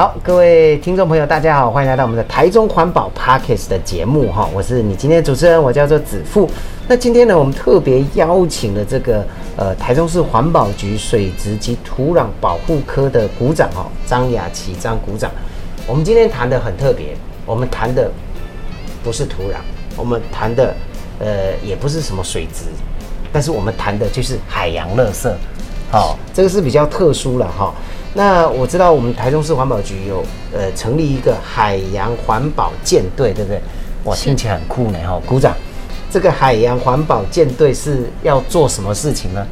好，各位聽眾朋友，大家好，歡迎來到我們的台中環保 Podcast 的節目哈、哦，我是你今天的主持人，我叫做子富。那今天呢，我們特別邀請了這個呃台中市環保局水質及土壤保護科的股長哦，張雅琪張股長。我們今天談的很特別，我們談的不是土壤，我們談的呃也不是什麼水質，但是我們談的就是海洋垃圾。好，這個是比較特殊了哈。哦那我知道我們台中市環保局有呃成立一個海洋環保艦隊，對不對？哇，聽起來很酷呢，哈，鼓掌！這個海洋環保艦隊是要做什麼事情呢？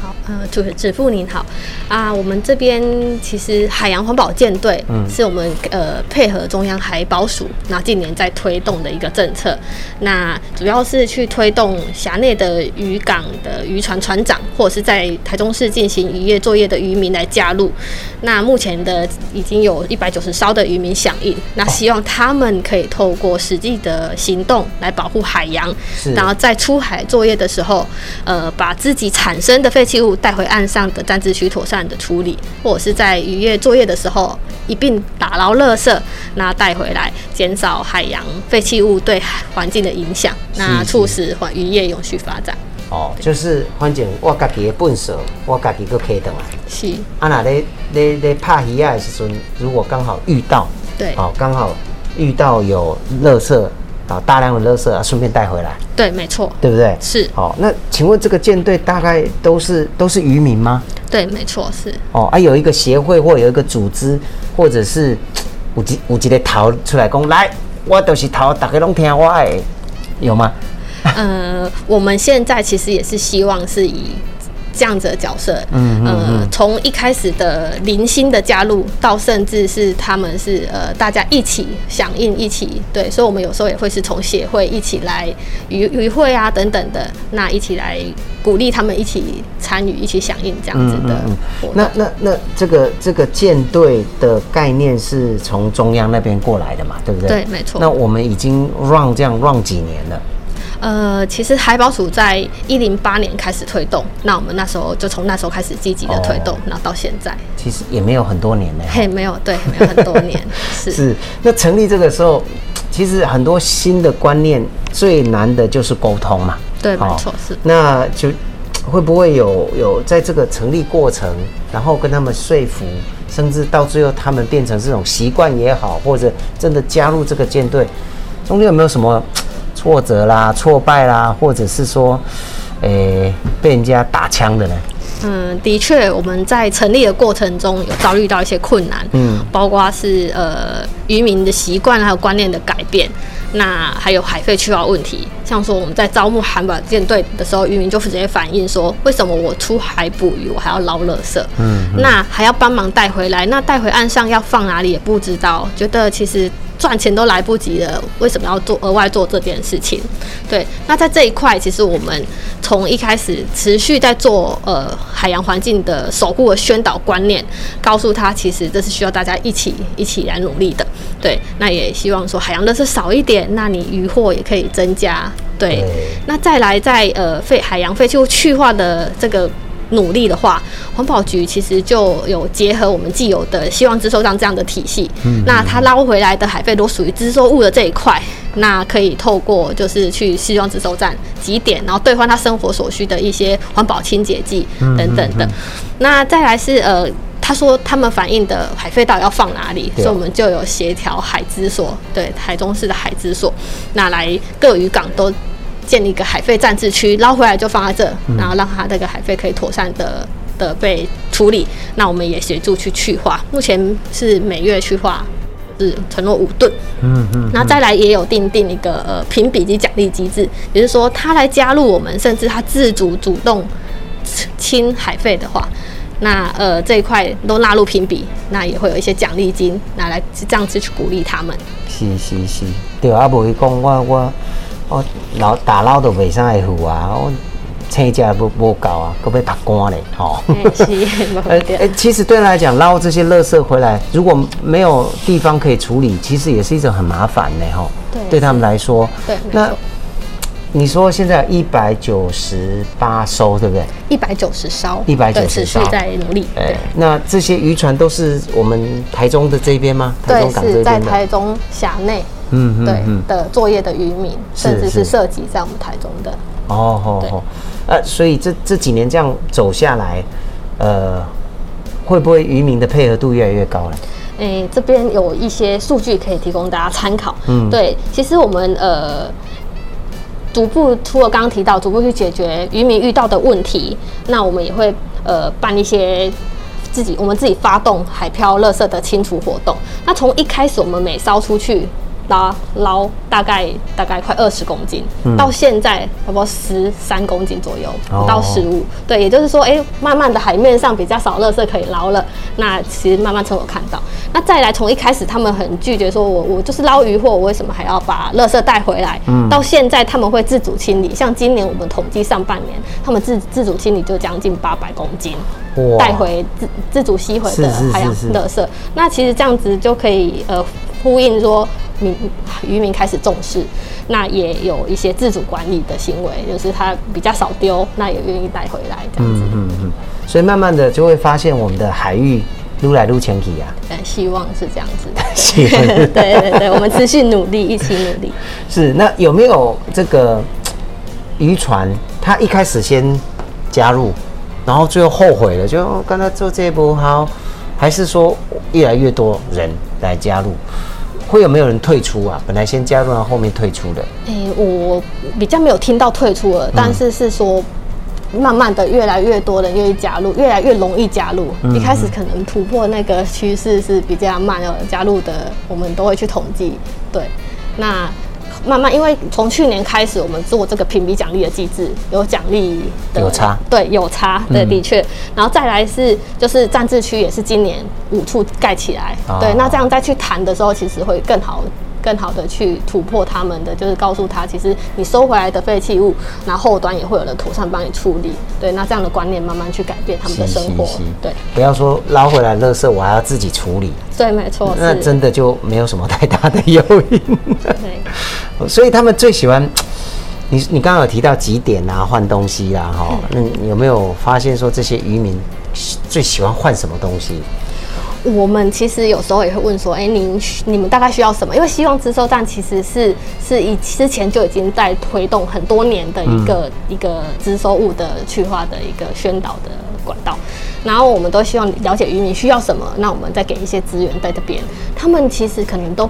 好，呃，主持子您好，啊，我們這邊其實海洋環保艦隊是我們、嗯、呃配合中央海保署，那近年在推動的一個政策，那主要是去推動轄內的漁港的漁船船長或者是在台中市進行漁業作業的漁民來加入，那目前的已經有一百九十艘的漁民響應，那希望他們可以透過實際的行動來保護海洋，是然後在出海作業的時候，呃，把自己產生的廢。廢棄物帶回岸上的暫置區妥善的處理，或者是在漁業作業的時候一併打撈垃圾，那帶回來，減少海洋廢棄物對環境的影響，那促使環漁業永續發展。是是對哦，就是反正我家己的本事，我家己都可以的嘛。是，啊那在在在打魚啊時陣，如果剛好遇到，對，哦剛好遇到有垃圾。啊，大量的垃圾啊，順便帶回來。對，沒錯，對不對？是。哦，那請問這個艦隊大概都是都是漁民嗎？對，沒錯，是。哦啊，有一個協會或有一個組織，或者是有幾有幾的頭出來講，來，我就是頭，大家攏聽我的，有嗎？呃，我們現在其實也是希望是以這樣子的角色，嗯呃，從一開始的零星的加入，到甚至是他們是呃大家一起響應，一起對，所以，我們有時候也會是從協會一起來與與會啊等等的，那一起來鼓勵他們一起參與，一起響應這樣子的嗯嗯嗯。那那那這個這個艦隊的概念是從中央那邊過來的嘛？對不對？對，沒錯。那我們已經 run 這樣 run 幾年了。呃，其實海保署在一零八年開始推動，那我們那時候就從那時候開始積極的推動，那、哦、到現在其實也沒有很多年，嘿，沒有對，沒有很多年 是是。那成立這個時候，其實很多新的觀念最難的就是溝通嘛，對，哦、沒錯是。那就會不會有有在這個成立過程，然後跟他們說服，甚至到最後他們變成這種習慣也好，或者真的加入這個艦隊，中間有沒有什麼？挫折啦，挫敗啦，或者是說，誒、欸，被人家打槍的呢？嗯，的確，我們在成立的過程中有遭遇到一些困難，嗯，包括是呃漁民的習慣還有觀念的改變，那還有海廢去化問題。像說我們在招募環保艦隊的時候，漁民就直接反映說，為什麼我出海捕魚，我還要撈垃圾？嗯，嗯那還要幫忙帶回來，那帶回岸上要放哪裡也不知道，覺得其實。賺錢都來不及了，為什麼要做額外做這件事情？對，那在這一塊，其實我們從一開始持續在做呃海洋環境的守護和宣導觀念，告訴他其實這是需要大家一起一起來努力的。對，那也希望說海洋的事少一點，那你漁獲也可以增加。對，哦、那再來在呃廢海洋廢棄物去化的這個。努力的話，環保局其實就有結合我們既有的希望資收站這樣的體系。嗯嗯，那他撈回來的海廢都屬於資收物的這一塊，那可以透過就是去希望資收站集點，然後兌換他生活所需的一些環保清潔劑等等的。嗯嗯嗯，那再來是呃，他說他們反映的海廢到底要放哪裡，嗯嗯，所以我們就有協調海之所，對，台中市的海之所，那來各漁港都，建立一個海廢暫置區，撈回來就放在這，然後讓他這個海廢可以妥善的的被處理。那我們也協助去去化，目前是每月去化是承諾五噸。嗯嗯，然後再來也有訂定一個呃評比及獎勵機制，也就是說他來加入我們，甚至他自主主動清海廢的話，那呃這一塊都納入評比，那也會有一些獎勵金拿來這樣子去鼓勵他們。是是是，對啊，無去講我我。我哦，撈打撈都未使會富啊，我車價不不高啊，佫要打光嘞，吼、哦。是，冇錯、 欸欸。其實對他來講撈這些垃圾回來，如果沒有地方可以處理，其實也是一種很麻煩的吼。哦、對。對他們來說。對。那錯你說現在一百九十八艘，對不對？一百九十艘，一百九十艘持續在努力。誒、欸，那這些漁船都是我們台中的這邊嗎？台中港對，是在台中轄內。嗯哼嗯哼，對，的作業的漁民，甚至是涉及在我們台中的是是對，哦，哦，哦啊、所以這這幾年這樣走下來，呃，會不會漁民的配合度越來越高呢？哎、欸，這邊有一些數據可以提供大家參考。嗯，對，其實我們呃逐步除了剛剛提到逐步去解決漁民遇到的問題，那我們也會呃辦一些自己我們自己發動海漂垃圾的清除活動。那從一開始我們每燒出去。撈撈大概大概快二十公斤，嗯、到現在差不多十三公斤左右，哦、到十五。對，也就是說，誒、欸，慢慢的海面上比較少垃圾可以撈了。那其實慢慢從我看到，那再來從一開始他們很拒絕說我，我我就是撈魚貨，我為什麼還要把垃圾帶回來？嗯、到現在他們會自主清理，像今年我們統計上半年，他們自自主清理就將近八百公斤帶哇 回自自主吸回的海洋是是是是垃圾。那其實這樣子就可以呃呼應說。漁民開始重視，那也有一些自主管理的行為，就是他比較少丟，那也願意帶回來這樣子。嗯嗯嗯。所以慢慢的就會發現我們的海域擼來擼前提啊。但希望是這樣子。希望。是 對對對，我們持續努力，一起努力。是，那有沒有這個漁船？他一開始先加入，然後最後後悔了，就跟他做這不好，還是說越來越多人來加入？會有沒有人退出啊？本來先加入，到後，後面退出的？欸。我比較沒有聽到退出了，嗯、但是是說，慢慢的越來越多人願意加入，越來越容易加入。嗯嗯，一開始可能突破那個趨勢是比較慢的，有加入的我們都會去統計。對，那。慢慢，因為從去年開始，我們做這個評比獎勵的機制，有獎勵的，有差，對，有差，對，的確。嗯、然後再來是，就是暫置區也是今年五處蓋起來，哦、對，那這樣再去談的時候，其實會更好。更好的去突破他們的，就是告訴他，其實你收回來的廢棄物，那後，後端也會有人妥善幫你處理。對，那這樣的觀念慢慢去改變他們的生活。對，不要說撈回來垃圾我還要自己處理。對，沒錯。那真的就沒有什麼太大的誘因。對， 所以他們最喜歡你，你剛剛有提到幾點啊？換東西啊。哈、嗯，那你有沒有發現說，這些漁民最喜歡換什麼東西？我們其實有時候也會問說，哎、欸，您你、你們大概需要什麼？因為希望資收站其實是是以之前就已經在推動很多年的一個、嗯、一個資收物的去化的一個宣導的管道，然後我們都希望了解漁民需要什麼，那我們再給一些資源在這邊。他們其實可能都。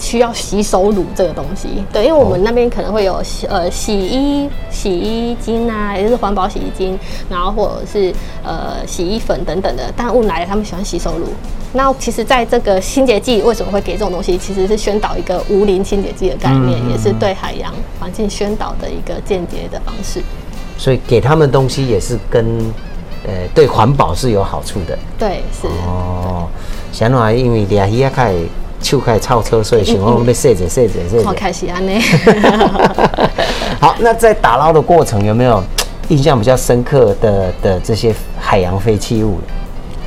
需要洗手乳這個東西，對，因為我們那邊可能會有、哦、呃洗衣洗衣精啊，也就是環保洗衣精，然後或者是呃洗衣粉等等的。但無奈他們喜歡洗手乳。那其實在這個清潔劑為什麼會給這種東西？其實是宣導一個無磷清潔劑的概念，嗯嗯、也是對海洋環境宣導的一個間接的方式。所以給他們東西也是跟呃對環保是有好處的。對，是。哦，對想來因為兩下開。嗯就開始超車，所以喜歡被們者攝者攝者。好開心啊！呢， 好，那在打撈的過程有沒有印象比較深刻的的這些海洋廢棄物？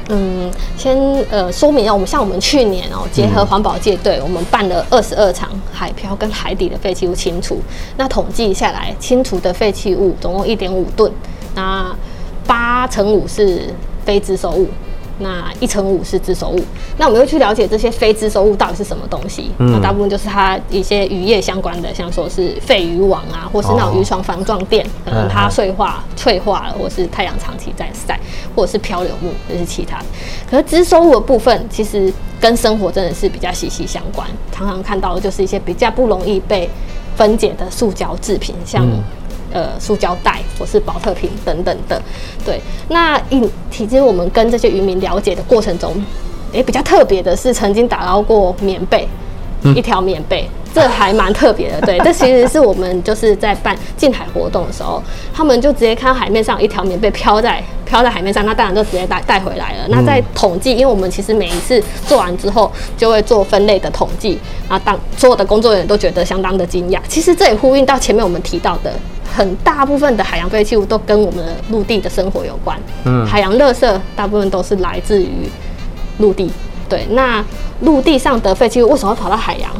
嗯，先呃說明一下，我們像我們去年哦、喔，結合環保艦隊，對、嗯、我們辦了二十二場海漂跟海底的廢棄物清除，那統計下來清除的廢棄物總共一點五噸，那八成五是非資收物。那一成五是資收物，那我們又去了解這些非資收物到底是什麼東西。嗯，那大部分就是它一些漁業相關的，像說是廢漁網啊，或是那種漁床防撞墊，哦、可能它碎化、脆化了，或是太陽長期在曬，或者是漂流木，這是其他的。可是資收物的部分，其實跟生活真的是比較息息相關，常常看到的就是一些比較不容易被分解的塑膠製品，像。呃，塑膠袋或是保特瓶等等的，對。那一其實我們跟這些漁民了解的過程中，誒、欸，比較特別的是，曾經打撈過棉被，嗯、一條棉被，這還蠻特別的，對。這其實是我們就是在辦近海活動的時候， 他們就直接看到海面上有一條棉被飄在飄在海面上，那當然就直接帶帶回來了。嗯、那在統計，因為我們其實每一次做完之後，就會做分類的統計，啊，當所有的工作人員都覺得相當的驚訝。其實這也呼應到前面我們提到的。很大部分的海洋廢棄物都跟我們的陸地的生活有關，嗯，海洋垃圾大部分都是來自於陸地。對，那陸地上的廢棄物為什麼會跑到海洋？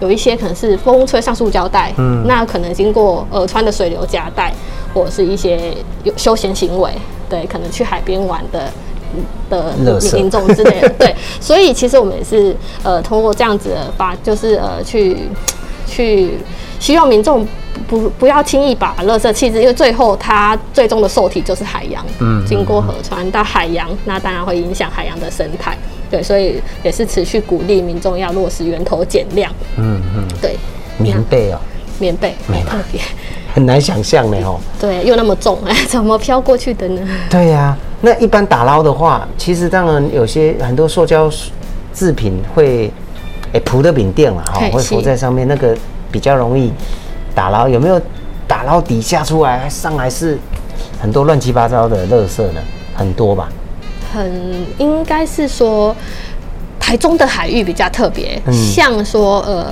有一些可能是風吹上塑膠袋，嗯，那可能經過呃川的水流夾帶，或者是一些有休閒行為，對，可能去海邊玩的的民眾之類的，對。所以其實我們也是呃通過這樣子把，就是呃去去希望民眾。不，不要輕易把垃圾棄置，因為最後它最終的受體就是海洋。嗯，嗯，嗯、經過河川到海洋，那當然會影響海洋的生態。對，所以也是持續鼓勵民眾要落實源頭減量。嗯嗯，對。棉被哦、喔，棉被特沒，特別很難想象的哦。對，又那麼重，怎麼飄過去的呢？對呀、啊，那一般打撈的話，其實當然有些很多塑膠制品會，誒、欸，蒲的餅墊了哈，喔、對會浮在上面，是 那個比較容易。打撈有沒有打撈底下出來上來是很多亂七八糟的垃圾呢？很多吧？很應該是說台中的海域比較特別，嗯、像說呃，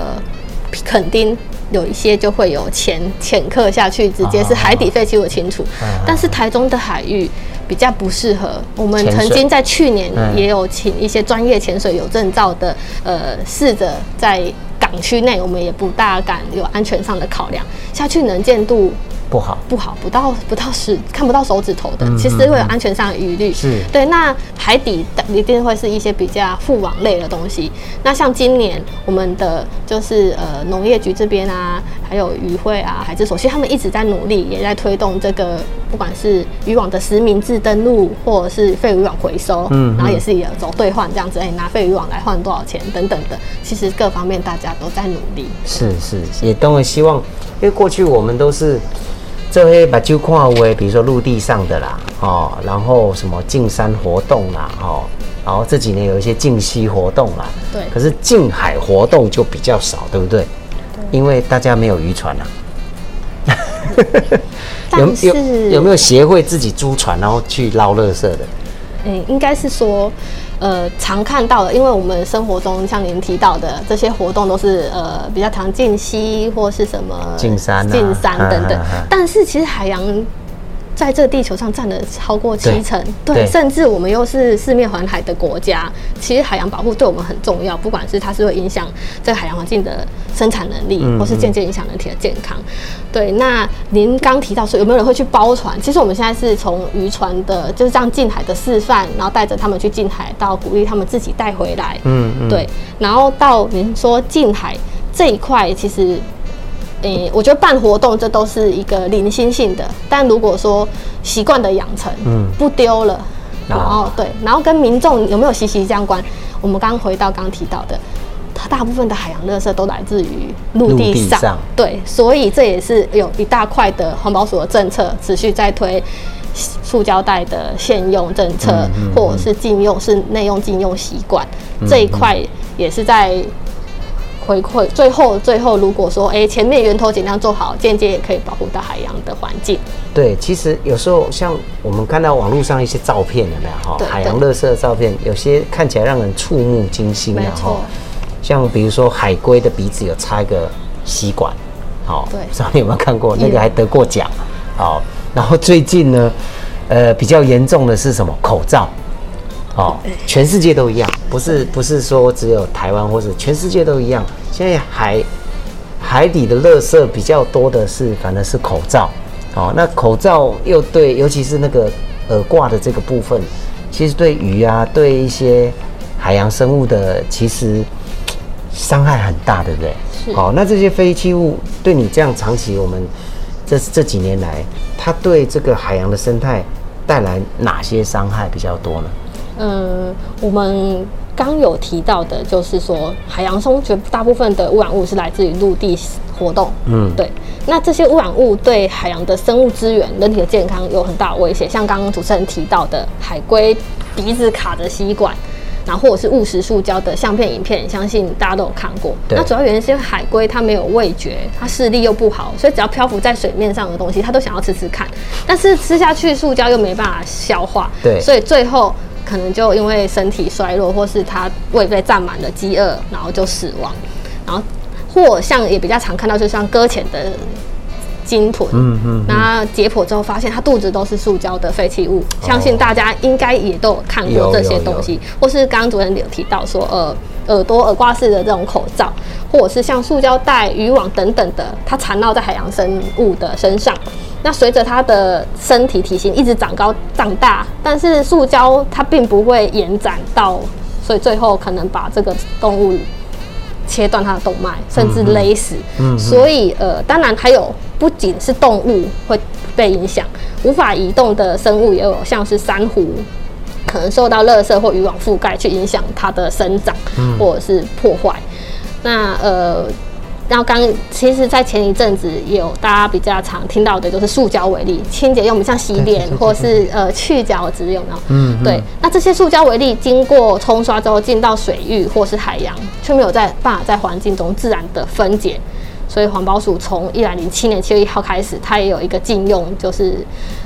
肯定有一些就會有潛潛客下去，直接好好是海底廢棄物清除。好好但是台中的海域比較不適合。潛水 我們曾經在去年也有請一些專業潛水有證照的呃，試着在。兩區內，我們也不大敢，有安全上的考量，下去能見度不好，不好，不到不到十，看不到手指頭的，嗯、哼其實會有安全上的疑慮。是，對，那海底的一定會是一些比較覆網類的東西。那像今年我們的就是呃農業局這邊啊。還有漁會啊，還是所需。他們一直在努力，也在推動這個，不管是漁網的實名制登錄，或者是廢漁網回收，嗯哼，然後也是也有走兌換這樣子，哎、欸，拿廢漁網來換多少錢等等的。其實各方面大家都在努力。是是，也當然希望，因為過去我們都是，這些把就跨為，比如說陸地上的啦，哦，然後什麼淨山活動啦，哦，然後這幾年有一些淨溪活動啦，對，可是淨海活動就比較少，對不對？因為大家沒有漁船啊，有有有沒有協會自己租船然後去撈垃圾的？應該是說，呃，常看到的，因為我們生活中像您提到的這些活動都是呃比較常淨溪或是什麼淨山、啊、淨山等等，啊啊啊啊、但是其實海洋。在這個地球上占了超過七成，對，甚至我們又是四面環海的國家，其實海洋保護對我們很重要，不管是它是會影響這個海洋環境的生產能力，或是間接影響人體的健康，對。那您剛提到說有沒有人會去包船？其實我們現在是從漁船的就是這樣近海的示範，然後帶着他們去近海，到鼓勵他們自己帶回來，嗯，對。然後到您說近海這一塊，其實。誒、欸，我覺得辦活動這都是一個零星性的，但如果說習慣的養成，嗯，不丟了，然後、啊、對，然後跟民眾有沒有息息相關？我們剛回到剛提到的，它大部分的海洋垃圾都來自於陸地上，地上，對，所以這也是有一大塊的環保署的政策持續在推塑膠袋的限用政策，嗯嗯嗯、或者是禁用，是內用禁用習慣、嗯嗯、這一塊也是在。回饋最後，最後如果說，哎、欸，前面源頭盡量做好，間接也可以保護到海洋的環境。對，其實有時候像我們看到網絡上一些照片有沒有哈？對海洋垃圾的照片，有些看起來讓人觸目驚心啊。錯然後，哦，像比如說海龜的鼻子有插一個吸管，好、哦，不知道你有沒有看過，那個還得過獎。好、嗯哦，然後最近呢，呃，比較嚴重的是什麼？口罩。哦，全世界都一樣，不是不是說只有台灣或者全世界都一樣。現在海海底的垃圾比較多的是，反而是口罩。哦，那口罩又對，尤其是那個耳掛的這個部分，其實對魚啊，對一些海洋生物的，其實傷害很大，對不對？是。哦，那這些廢棄物對你這樣長期，我們這這幾年來，它對這個海洋的生態帶來哪些傷害比較多呢？嗯，我們剛有提到的，就是說海洋中絕大部分的污染物，是來自於陸地活動。嗯，對。那這些污染物對海洋的生物資源、人體的健康有很大威脅。像剛剛主持人提到的，海龜鼻子卡着吸管，然後或者是誤食塑膠的相片、影片，相信大家都有看過。對那主要原因是因為海龜它沒有味覺，它視力又不好，所以只要漂浮在水面上的東西，它都想要吃吃看。但是吃下去塑膠又沒辦法消化，對，所以最後。可能就因為身體衰弱，或是它胃被佔滿了飢餓，然後就死亡。然後或像也比較常看到，就像擱淺的鯨豚，嗯，嗯嗯，那解剖之後發現它肚子都是塑膠的廢棄物。哦，相信大家應該也都有看過這些東西，或是剛剛主任有提到說，呃，耳朵耳掛式的這種口罩，或者是像塑膠袋、漁網等等的，它纏繞在海洋生物的身上。那隨着它的身體體型一直長高長大，但是塑膠它並不會延展到，所以最後可能把這個動物切斷它的動脈，甚至勒死。嗯。嗯，所以呃，當然還有不僅是動物會被影響，無法移動的生物也有，像是珊瑚，可能受到垃圾或漁網覆蓋去影響它的生長，或者是破壞。嗯。那呃。然後剛其實，在前一陣子也有大家比較常聽到的，就是塑膠微粒清潔用品，像洗臉或是呃去角質用的。嗯，對。那這些塑膠微粒經過沖刷之後進到水域或是海洋，卻沒有在辦法在環境中自然的分解。所以環保署從一百零七年七月一號開始，它也有一個禁用，就是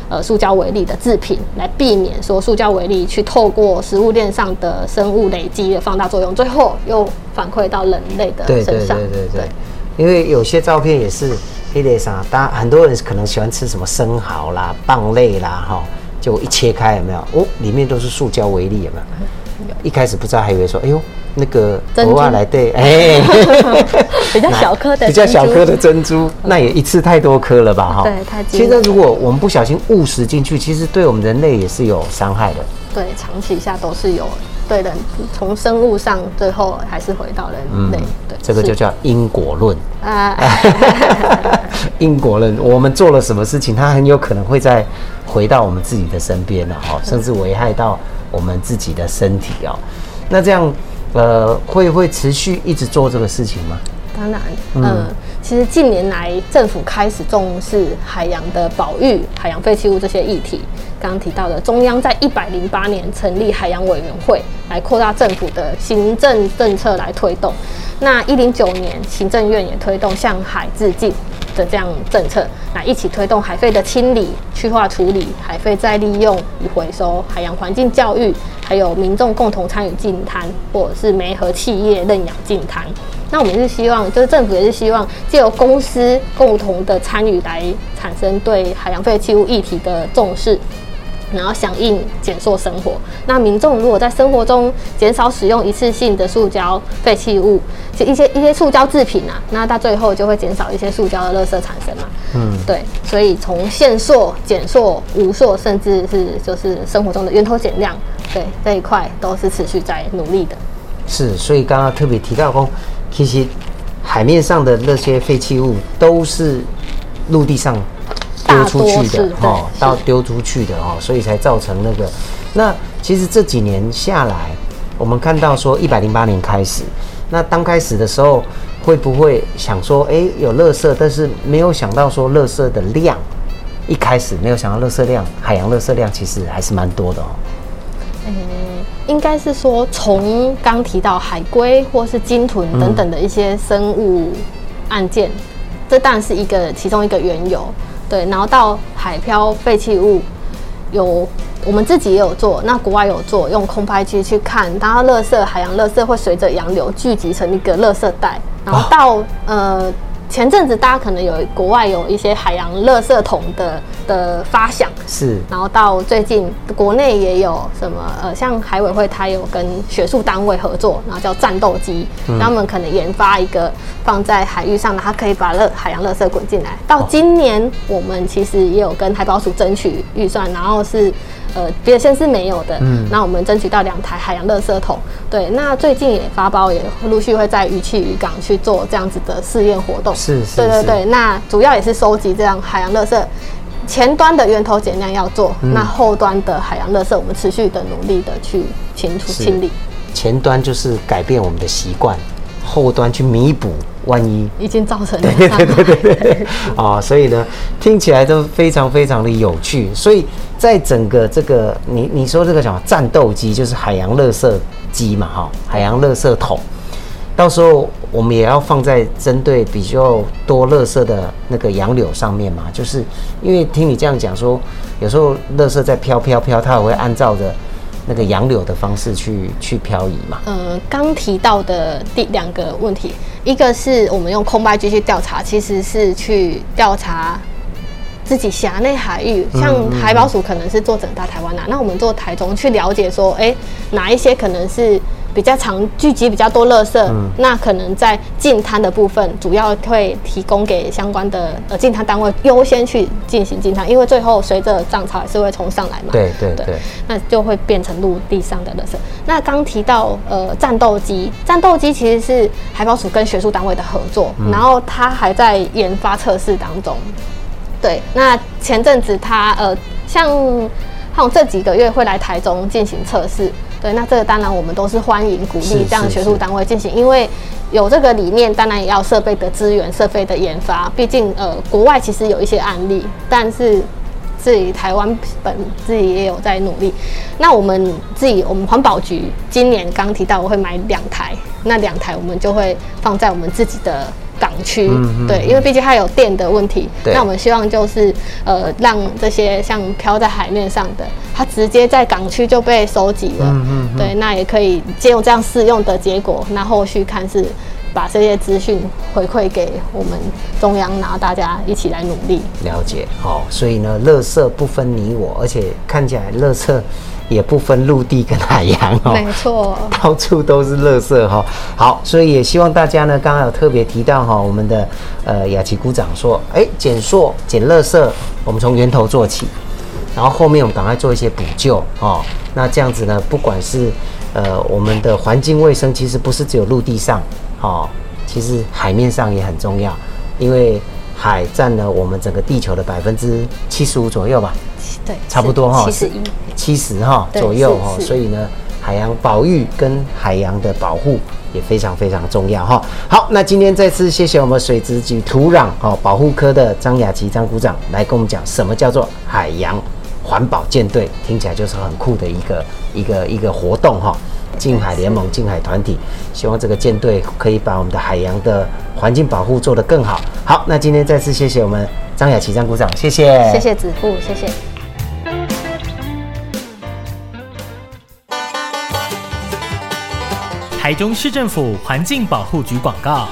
呃塑膠微粒的制品，來避免說塑膠微粒去透過食物鏈上的生物累積的放大作用，最後又反饋到人類的身上。對對對對對。對因為有些照片也是黑得啥，但很多人可能喜歡吃什麼生蠔啦、蚌類啦，哈，就一切開有沒有？哦，裡面都是塑膠微粒，有沒有？有。一開始不知道，還以為說，哎呦，那個國外、欸、來對哎，比較小顆的，比較小顆的珍珠，嗯、那也一次太多顆了吧，哈。對，太了。其實如果我們不小心誤食進去，其實對我們人類也是有傷害的。對，長期一下都是有。對的，從生物上最後還是回到人類，嗯、對，對這個就叫因果論啊。因果論，我們做了什麼事情，它很有可能會再回到我們自己的身邊了哈，甚至危害到我們自己的身體哦。嗯、那這樣，呃，會會持續一直做這個事情嗎？當然，嗯，嗯，其實近年來政府開始重視海洋的保育、海洋廢棄物這些議題。剛剛提到的，中央在一百零八年成立海洋委員會，來擴大政府的行政政策來推動。那一零九年，行政院也推動向海致敬的這樣政策，來一起推動海廢的清理、去化處理、海廢再利用與回收、海洋環境教育，還有民眾共同參與淨灘，或者是媒合企業認養淨灘。那我們也是希望，就是政府也是希望，借由公司共同的參與來產生對海洋廢棄物議題的重視，然後響應減塑生活。那民眾如果在生活中減少使用一次性的塑膠廢棄物，就一些一些塑膠製品啊，那到最後就會減少一些塑膠的垃圾產生嘛。嗯，對，所以從限塑、減塑、無塑，甚至是就是生活中的源頭減量，對這一塊都是持續在努力的。是，所以剛剛特別提到說。其實海面上的那些廢棄物都是陸地上丟出去的，哦，到丟出去的哦，所以才造成那個。那其實這幾年下來，我們看到說一百零八年開始，那剛開始的時候會不會想說，誒，有垃圾，但是沒有想到說垃圾的量，一開始沒有想到垃圾量，海洋垃圾量其實還是蠻多的。哦。嗯應該是說，從剛提到海龜或是鯨豚等等的一些生物案件，嗯、這當然是一個其中一個緣由。對，然後到海漂廢棄物，有我們自己也有做，那國外有做，用空拍機去看，然後垃圾、海洋垃圾會隨着洋流聚集成一個垃圾帶，然後到呃。啊嗯前陣子大家可能有國外有一些海洋垃圾桶的的發想，是，然後到最近國內也有什麼呃，像海委會，它有跟學術單位合作，然後叫戰鬥機，嗯、他們可能研發一個放在海域上，然後他可以把海洋垃圾滾進來。到今年、哦、我們其實也有跟海保署爭取預算，然後是。呃，原先是沒有的，嗯，那我們爭取到兩台海洋垃圾桶，對，那最近也發包，也陸續會在漁區漁港去做這樣子的試驗活動，是，是，是對對對，那主要也是收集這樣海洋垃圾，前端的源頭減量要做，嗯，那後端的海洋垃圾我們持續的努力的去清除清理，前端就是改變我們的習慣，後端去彌補。萬一已經造成了大對對對對對啊、 哦！所以呢，聽起來都非常非常的有趣。所以在整個這個，你你說這個什麼戰鬥機，就是海洋垃圾機嘛，哈、哦，海洋垃圾桶。到時候我們也要放在針對比較多垃圾的那個洋流上面嘛，就是因為聽你這樣講說，有時候垃圾在飄飄飄，它也會按照着。那個洋流的方式去去漂移嘛？嗯、呃，剛提到的第兩個問題，一個是我們用空白機去調查，其實是去調查自己轄內海域，像海保署可能是做整大台灣的、啊，嗯嗯那我們做台中去了解說，誒、欸，哪一些可能是？比較常聚集比較多垃圾，嗯、那可能在淨灘的部分，主要會提供給相關的呃淨灘單位優先去進行淨灘，因為最後隨着漲潮還是會衝上來嘛。對對對，對，那就會變成陸地上的垃圾。那剛提到呃戰鬥機，戰鬥機其實是海保署跟學術單位的合作，嗯、然後它還在研發測試當中。對，那前陣子它呃像還有這幾個月會來台中進行測試。對，那這個當然我們都是歡迎鼓勵這樣學術單位進行，因為有這個理念，當然也要設備的資源、設備的研發。畢竟呃，國外其實有一些案例，但是自己台灣本自己也有在努力。那我們自己，我們環保局今年剛提到，我會買兩台，那兩台我們就會放在我們自己的。港區對，因為畢竟它有電的問題，嗯嗯、那我們希望就是呃，讓這些像飄在海面上的，它直接在港區就被收集了。嗯嗯，嗯嗯對，那也可以借用這樣試用的結果，那後續看是把這些資訊回饋給我們中央，然後大家一起來努力。了解哦，所以呢，垃圾不分你我，而且看起來垃圾，也不分陸地跟海洋哦，沒錯，到處都是垃圾哈。好，所以也希望大家呢，剛剛有特別提到哈，我們的呃雅琪股長說，誒，減塑、減垃圾，我們從源頭做起，然後後面我們趕快做一些補救啊、哦。那這樣子呢，不管是呃我們的環境衛生，其實不是只有陸地上哦，其實海面上也很重要，因為海佔了我們整個地球的百分之七十五左右吧？對，差不多哈，七十一。七十號左右哈，所以呢，海洋保育跟海洋的保護也非常非常重要哈、哦。好，那今天再次謝謝我們水質及土壤、哦、保護科的張雅琪張股長來跟我們講什麼叫做海洋環保艦隊，聽起來就是很酷的一個一個一個活動哈、哦。淨海聯盟淨海團體，希望這個艦隊可以把我們的海洋的環境保護做得更好。好，那今天再次謝謝我們張雅琪張股長，謝謝，謝謝子富，謝謝。台中市政府環境保護局廣告。